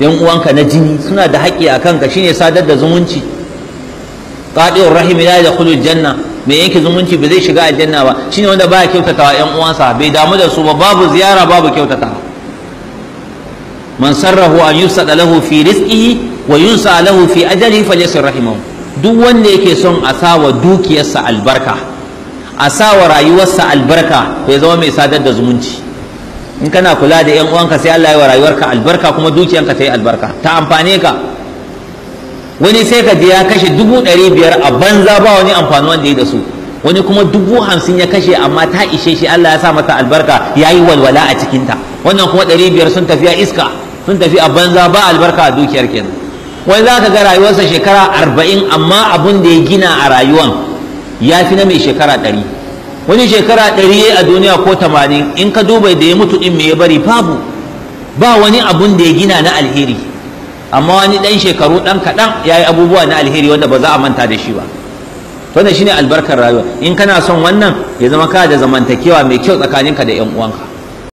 yan uwanka na jini suna da haƙƙi a kanka shine sadar da zumunci qadi'ur rahim la yadkhulu janna mai yanke zumunci ba zai shiga aljanna ba shine wanda baya kyautatawa yan uwansa bai damu da su ba babu ziyara babu kyautatawa man sarrahu an yusada lahu fi rizqihi wa yunsa lahu fi ajali falyasir rahimahu duk wanda yake son a sawa dukiyarsa albarka a sawa rayuwarsa albarka to ya zama mai sadar da zumunci in kana kula da 'yan uwanka sai Allah ya wa rayuwarka albarka kuma dukiyanka ta yi albarka ta amfane ka wani sai ka je ya kashe dubu ɗari biyar a banza ba wani amfani wanda ya da su wani kuma dubu hamsin ya kashe amma ta ishe shi Allah ya sa mata albarka ya yi walwala a cikinta wannan kuma ɗari biyar sun tafiya iska sun tafi a banza ba albarka a dukiyar kenan wani za ka ga rayuwarsa shekara arba'in amma abun da ya gina a rayuwan ya fi na mai shekara ɗari wani shekara ɗari ya a duniya ko tamanin in ka duba da ya mutu ɗin me ya bari babu ba wani abun da ya gina na alheri amma wani ɗan shekaru ɗan kaɗan ya yi abubuwa na alheri wanda ba za a manta da shi ba wannan shine albarkar rayuwa in kana son wannan ya zama ka da zamantakewa mai kyau tsakaninka da 'yan uwanka